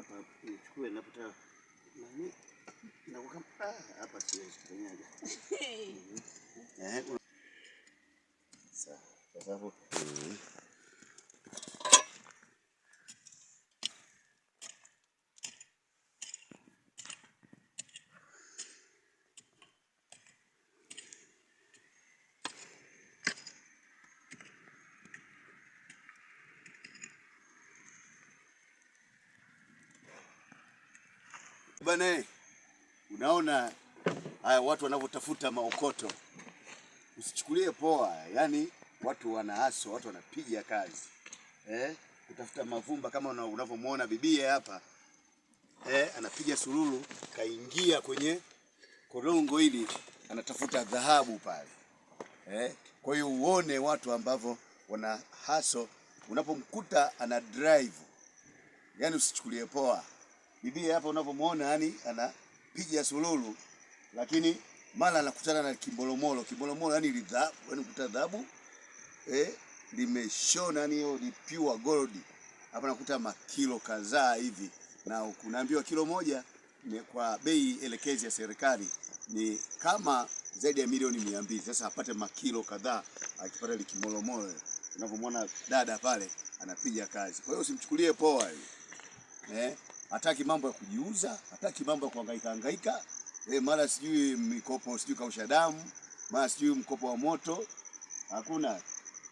hapa nichukue iya, napata nani nakuka hapa, ah, siwezi kufanyaje? sah kwa sababu hmm. Bana, eh, unaona haya watu wanavyotafuta maokoto, usichukulie poa. Yani watu wanaaso, watu wanapiga kazi eh, kutafuta mavumba kama unavyomwona bibie hapa eh, anapiga sululu, kaingia kwenye korongo hili, anatafuta dhahabu pale eh. Kwa hiyo uone watu ambavyo wana haso, unapomkuta ana drive, yani usichukulie poa bibi hapa unavyomwona, yani anapiga sululu, lakini mara anakutana na kimbolomolo. Kimbolomolo yani lidhabu, yani kuta dhabu eh, limeshona ni hiyo ni pure gold. Hapa nakuta makilo kadhaa hivi, na kunaambiwa kilo moja kwa bei elekezi ya serikali ni kama zaidi ya milioni mia mbili. Sasa apate makilo kadhaa, akipata likimolomolo, unavyomwona dada pale anapiga kazi. Kwa hiyo usimchukulie poa eh hataki mambo ya kujiuza, hataki mambo ya kuhangaika hangaika e, mara sijui mikopo sijui kausha damu, mara sijui mkopo wa moto, hakuna.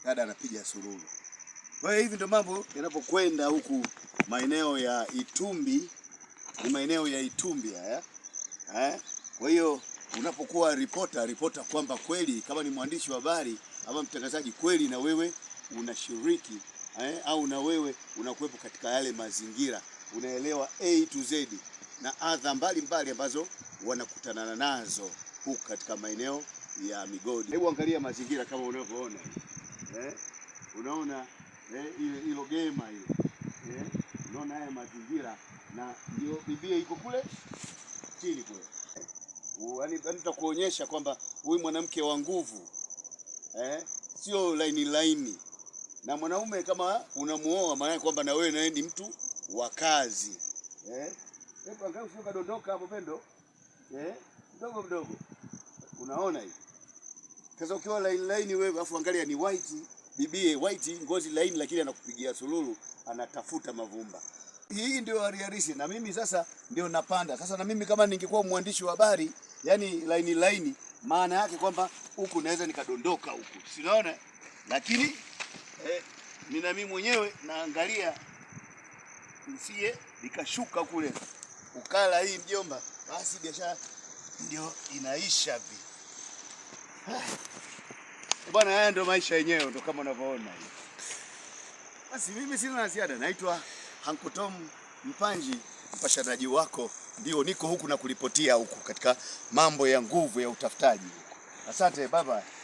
Dada anapiga sururu. Kwa hiyo hivi ndio mambo yanapokwenda huku maeneo ya Itumbi, ni maeneo ya Itumbi haya eh? eh. Kwa hiyo unapokuwa ripota, ripota kwamba kweli kama ni mwandishi wa habari ama mtangazaji, kweli na wewe unashiriki eh, au na wewe unakuwepo katika yale mazingira unaelewa A to Z na adha mbalimbali ambazo wanakutana nazo huku katika maeneo ya migodi. Hebu angalia mazingira kama unavyoona eh, unaona hilo eh, gema hiyo eh, unaona haya mazingira, na ndio bibia iko kule chini kule, yaani takuonyesha kwamba huyu mwanamke wa nguvu eh, sio laini laini, na mwanaume kama unamuoa maana kwamba na wewe nawe ni mtu wakazi eh? Kadondoka hapo pendo eh? mdogo mdogo, unaona hivi sasa. Ukiwa laini laini wewe, afu angalia ni white bibie, white ngozi laini, lakini anakupigia sululu, anatafuta mavumba. Hii ndio hali halisi, na mimi sasa ndio napanda sasa. Na mimi kama ningekuwa mwandishi wa habari, yani laini laini, maana yake kwamba huku naweza nikadondoka huku, si lakini eh, na mimi mwenyewe naangalia lisie likashuka kule, ukala hii mjomba, basi biashara ndio inaisha vi bwana. Haya ndio maisha yenyewe, ndio kama unavyoona hivi. Basi mimi sina la ziada, naitwa Hanko Tom Mpanji, mpashanaji wako, ndio niko huku na kulipotia huku katika mambo ya nguvu ya utafutaji huku. Asante baba.